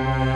Mm-hmm.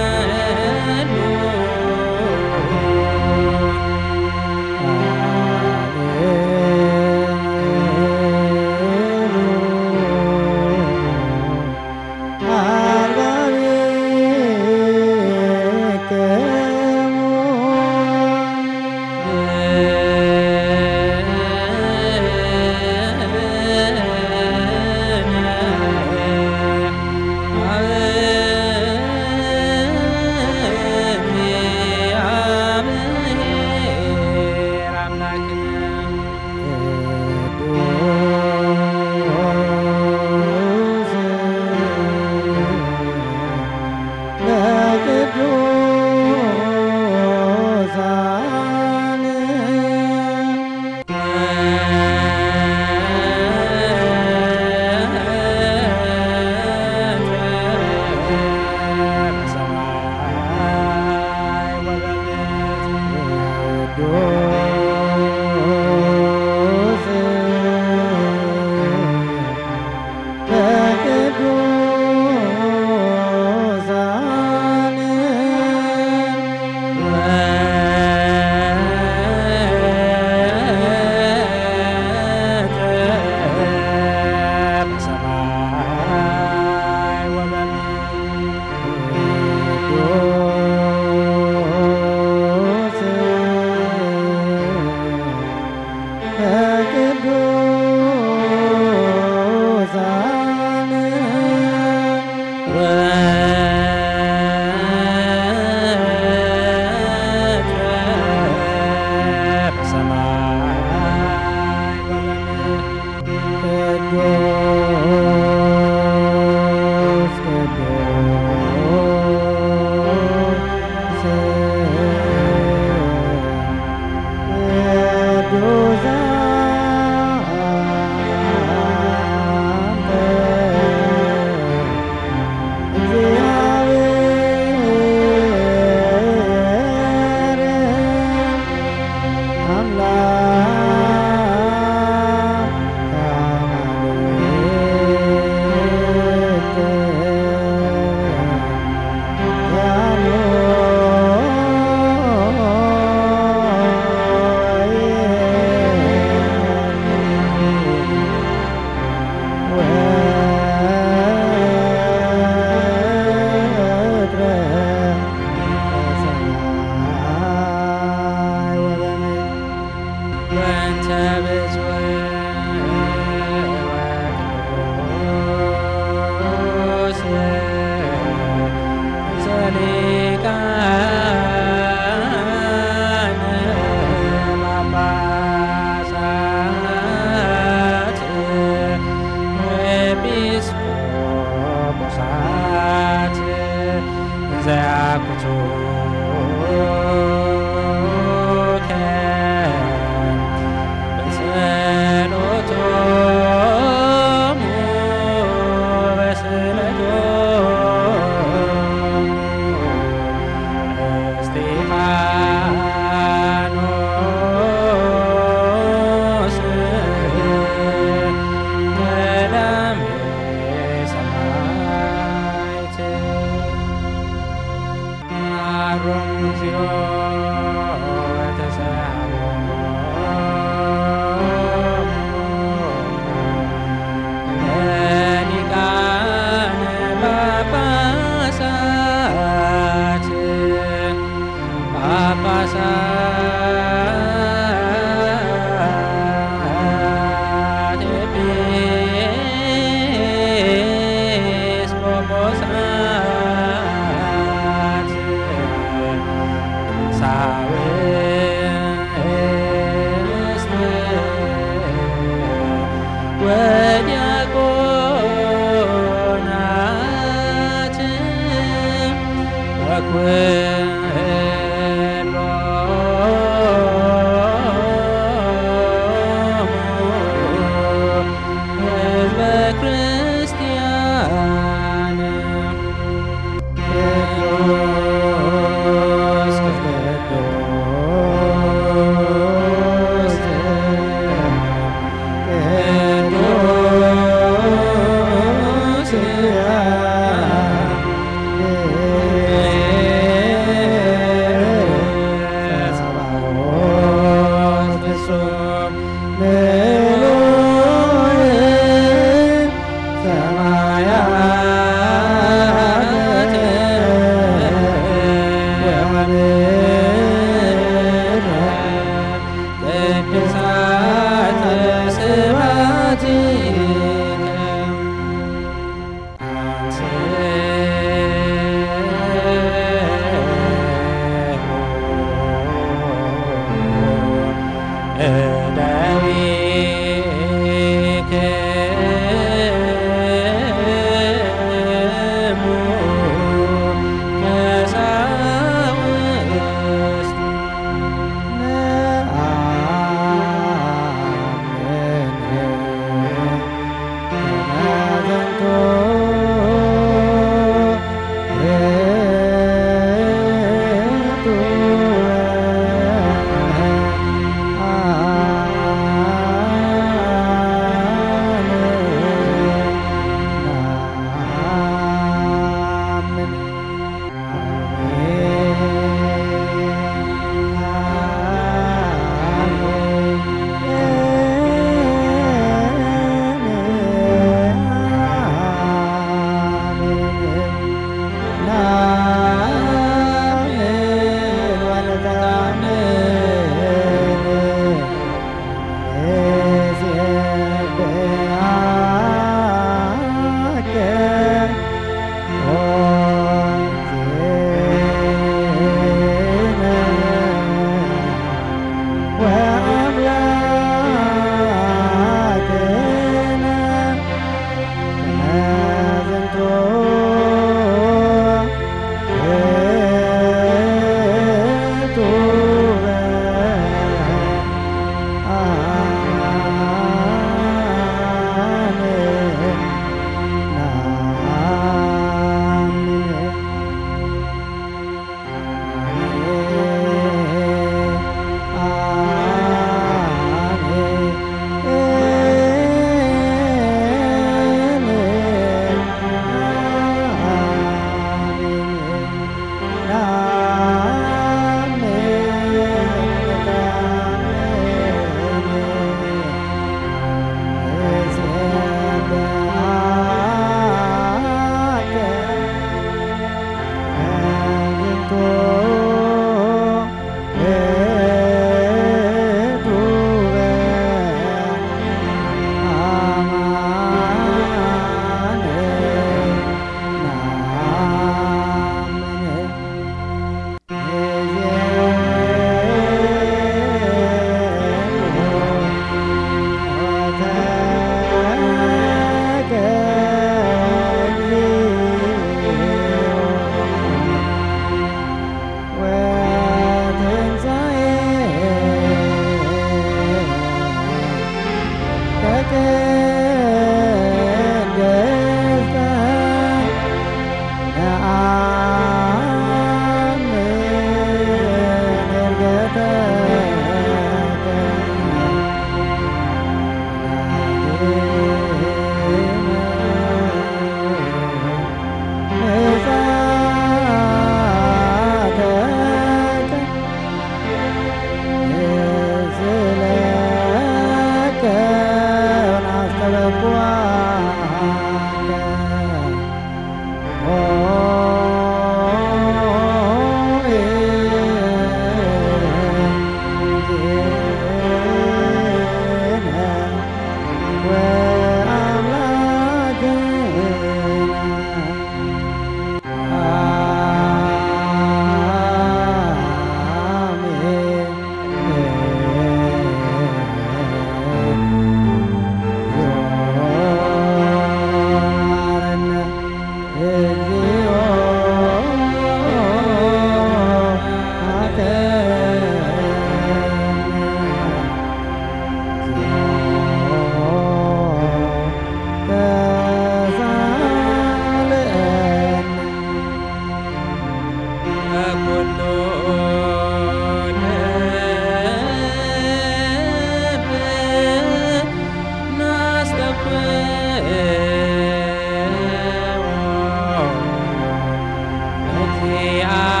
อา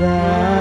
that.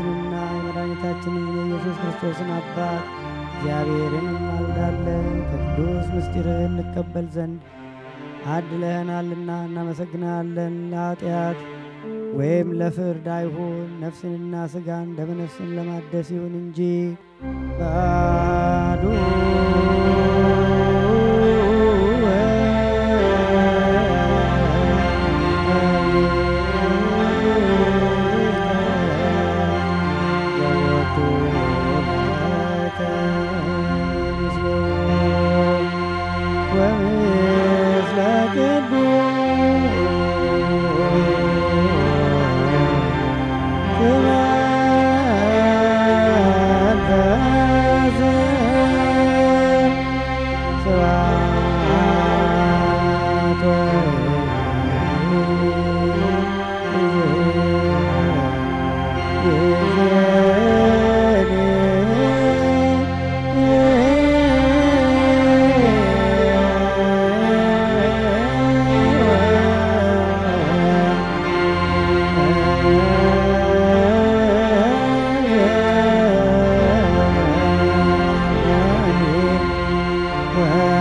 የጌታችንና የመድኃኒታችንን የኢየሱስ ክርስቶስን አባት እግዚአብሔርን እንማልዳለን ከቅዱስ ምስጢርህ እንቀበል ዘንድ አድለህናልና እናመሰግናለን። ለኃጢአት ወይም ለፍርድ አይሁን፣ ነፍስንና ስጋን ደመነፍስን ለማደስ ይሁን እንጂ ባዱ where